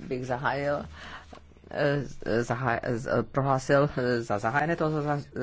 bych zahájil eh, zahaj, prohlásil eh, za zahájené tohoto